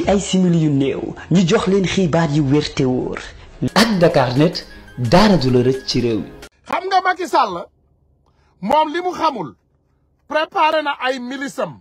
ci ay simili yu néew ñu jox leen xibaar yu wér te wóor. ak Dakarnet daara du la rëcc ci réew mi. xam nga Macky Sall moom li mu xamul préparé na ay milisam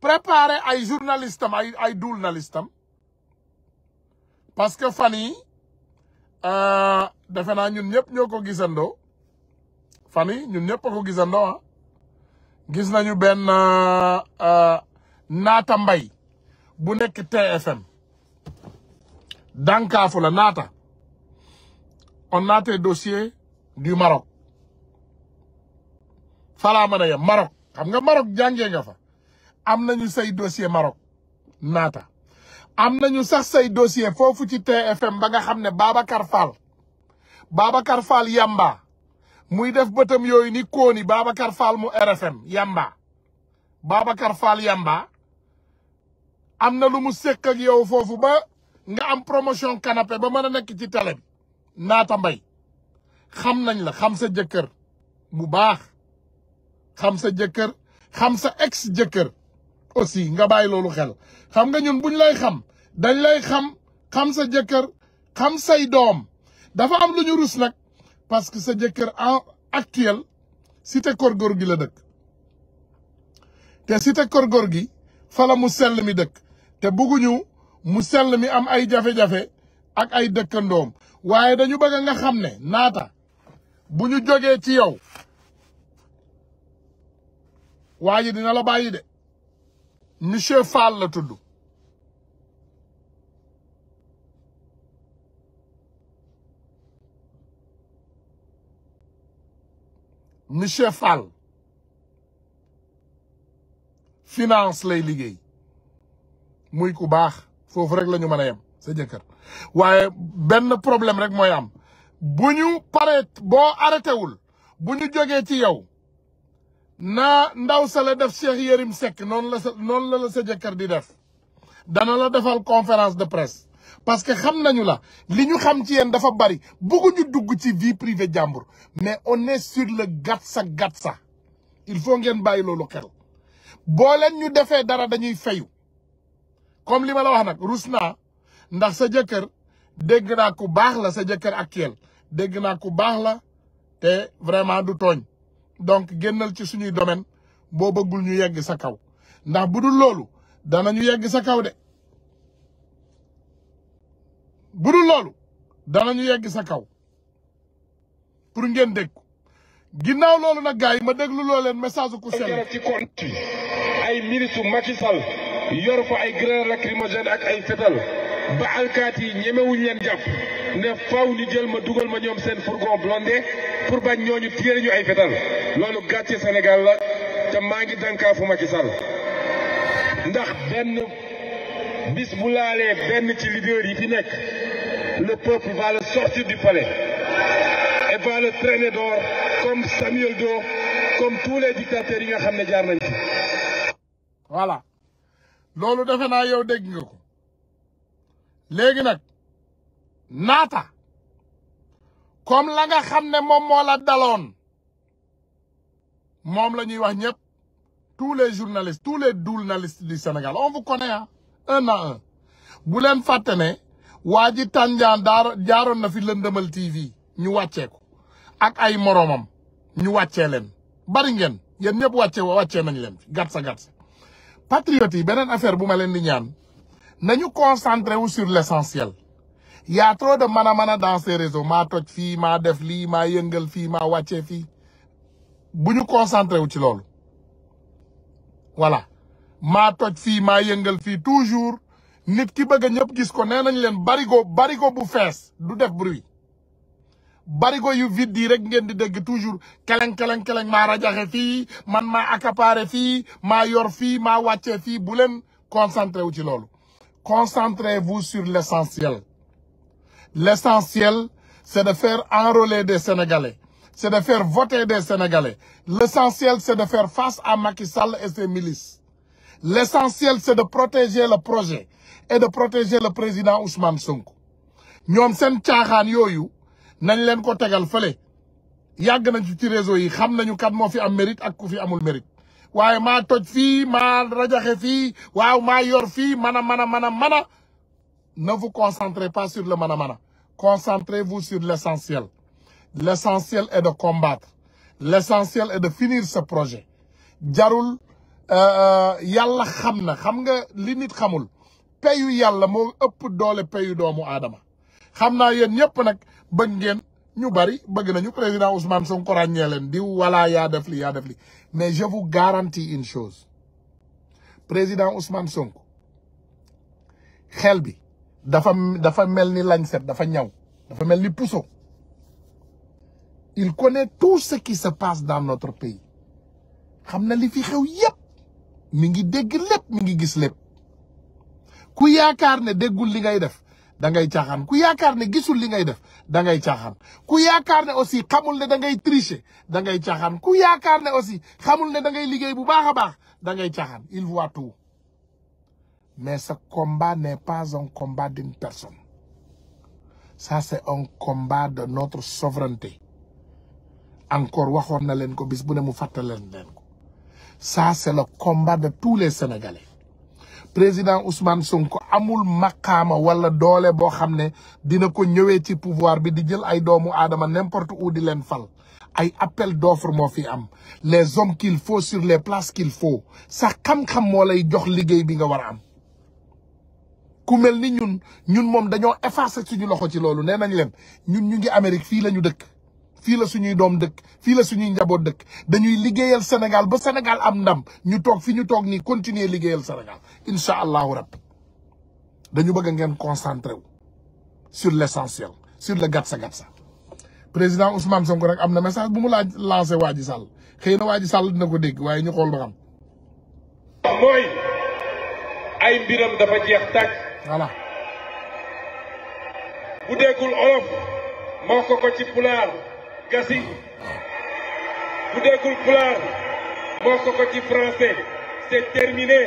préparé ay journalistam ay ay journalistam parce que fan yi euh, defe naa ñun ñëpp ñoo ko gisandoo fan yi ñun ñëpp a ko gisandoo ah gis nañu benn euh, naata mbay bu nekk TFM dànkaafu la naata on naatee dossier du Maroc falaa mën a yem xam nga Maroc jàngee nga fa am nañu say dossier Maroc naata am nañu sax say dossier foofu ci TFM ba nga xam ne Babacar Fall Babacar Fall Yamba muy def batam yooyu ni kooni Babacar Fall mu RFM Yamba Babacar Fall Yamba am na lu mu sekk ak yow foofu ba nga am promotion kanape ba mën a nekk ci télé naata mbay xam nañ la xam sa jëkkër bu baax xam sa jëkkër xam sa ex jëkkër aussi nga bàyyi loolu xel xam nga ñun buñ lay xam dañ lay xam xam sa jëkkër xam say doom dafa am lu ñu rus nag parce que sa jëkkër en actuel cité Keur gi la dëkk te cité Keur Gorgui fa la mu sell mi dëkk te bëgguñu mu sell mi am ay jafe-jafe ak ay dëkkandoom waaye dañu bëgg nga xam ne naata bu ñu jógee ci yow waa ji dina la bàyyi de monsieur Fall la tudd monsieur Fall finance lay liggéey muy ku baax foofu rek la ñu mën a yem sa jëkkër waaye benn problème rek mooy am bu ñu paree boo arrêté wul bu ñu jógee ci yow na ndaw sa la def Cheikh Yérim sekk noonu la sa noonu la la jëkkër di def dana la defal conférence de presse parce que xam nañu la li ñu xam ci yéen dafa bari bëgguñu dugg ci vie privée jàmbur mais on est sur le gatsa gatsa il faut ngeen bàyyi loolu xel boo leen ñu defee dara dañuy fayu comme li ma la wax nag rus naa ndax sa jëkkër dégg naa ku baax la sa jëkkër actuel dégg naa ku baax la te vraiment du tooñ donc génnal ci suñuy domaine boo bëggul ñu yegg sa kaw ndax bu dul loolu ñu yegg sa kaw de bu dul loolu danañu yegg sa kaw pour ngeen dégg ginnaaw loolu nag gars yi ma déglu loo leen message ku sell ay ministre Macky Sall yor fa ay grenades lacrymogènes ak ay fetal ba alkaati yi ñemewuñ leen jàpp ne faw ñu jël ma dugal ma ñoom seen fourgon blindé pour bañ ñooñu tiire ñu ay fetal loolu gàcce Sénégal la te maa ngi dànkaafu Macky Sall ndax benn bis bu laalee benn ci leader yi fi nekk le peuple va le sortir du palais et va le comme Samuel Doe comme tous les dictateurs yi nga xam ne jaar nañ fi voilà loolu defe naa yow dégg nga ko léegi nag naata comme la nga xam ne moom moo la daloon moom la ñuy wax ñëpp tous les journalistes tous les journalistes du Sénégal on vous connaît ah un à bu leen fàtte ne waa ji tànjaan daar jaaroon na fi lëndëmal TV ñu wàccee ak ay moroomam ñu wàccee leen bari ngeen yéen ñëpp wàcce wàccee nañ leen fi gat sa patriotes yi beneen affaire bu ma leen di ñaan nañu concentré wu sur l'essentiel y a trop de mana mana dans ces réseaux maa toj fii maa def lii maa yëngal fii maa wàccee fii bu ñu concentré wu ci loolu voilà ma toj fii maa yëngal fii toujours nit ki bëgg a ñëpp gis ko nee nañ leen barigo barigo bu fees du def bruit barigo yu vide yi rek ngeen di dégg toujours keleng keleng keleng maa rajaxe fii man maa accaparé fii ma yor fii ma wàccee fii bu leen concentré wu ci loolu concentrez-vous sur l'essentiel l'essentiel c'est de faire enrôler des Sénégalais c'est de faire voter des Sénégalais l'essentiel c'est de faire face à Macky Sall et ses milices l'essentiel c'est de protéger le projet et de protéger le président Ousmane Sonko ñoom seen caaxaan yooyu nañ leen ko tegal fële yàgg nañ ci réseau yi xam nañu kat moo fi am mérite ak ku fi amul mérite waaye maa toj fii maa rajaxe fii waaw maa yor fii mana mana mana mana ne vous concentrez pas sur le mana mana concentrez-vous sur l'essentiel l'essentiel est de combattre l'essentiel est de finir ce projet jarul euh, euh, yàlla xam na xam nga li nit xamul payu yàlla moo ëpp doole payu doomu aadama xam naa yéen ñëpp nag bëgg ngeen ñu bari bëgg nañu président Ousmane Sonko ràññee leen diw wala yaa def li yaa def li mais je vous garantis une chose président Ousmane Sonko xel bi dafa dafa mel ni lañset dafa ñaw dafa mel ni puso il connaît tout ce qui se passe dans notre pays xam na li fi xew yépp mi ngi dégg lépp mi ngi gis lépp ku yaakaar ne déggul li ngay def da ngay caaxaan ku yaakaar ne gisul li ngay def da ngay caaxaan ku yaakaar ne aussi xamul ne da ngay tricher da ngay caaxaan ku yaakaar ne aussi xamul ne da ngay liggéey bu baax a baax da ngay caaxaan il voit tout mais ce combat n'est pas un combat d'une personne ça c'est un combat de notre souveraineté encore waxoon na leen ko bis bu ne mu fàttaleen leen ko ça c'est le combat de tous les Sénégalais président Ousmane Sonko amul maqaama wala doole boo xam ne dina ko ñëwee ci pouvoir bi di jël ay doomu aadama n'importe où di leen fal ay appel d'offre moo fi am les hommes qu'il faut sur les places qu'il sax xam-xam moo lay jox liggéey bi nga war a am ku mel ni ñun ñun moom dañoo effacer suñu loxo ci loolu nee nañ leen ñun ñu ngi Amérique fii la ñu dëkk fii la suñuy doom dëkk fii la suñuy njaboot dëkk dañuy liggéeyal Sénégal ba Sénégal am ndam ñu toog fii ñu toog nii continuer liggéeyal Sénégal incha allahu rabbi dañu bëgg ngeen concentré sur l' essentiel sur le gatsa gatsa président Ousmane Sonko rek am na message bu mu laaj lancé waa ji Sall xëy na waa ji dina ko dégg waaye ñu xool ba xam. mooy ay mbiram dafa jeex tàkk. voilà. bu déggul olof moo ko ko ci pulaar. gasi bu déggul pulaar moo ko ko ci français c'est terminé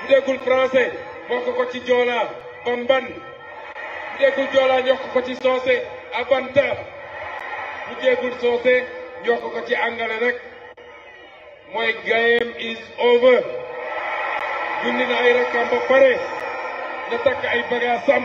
bu déggul français moo ko ko ci joola bamban bu déggul joola ñoo ko ko ci soose abanta bu déggul soose ñoo ko ko ci angale rek mooy game is over. junni na ay rakkam ba pare na takk ay bagaasam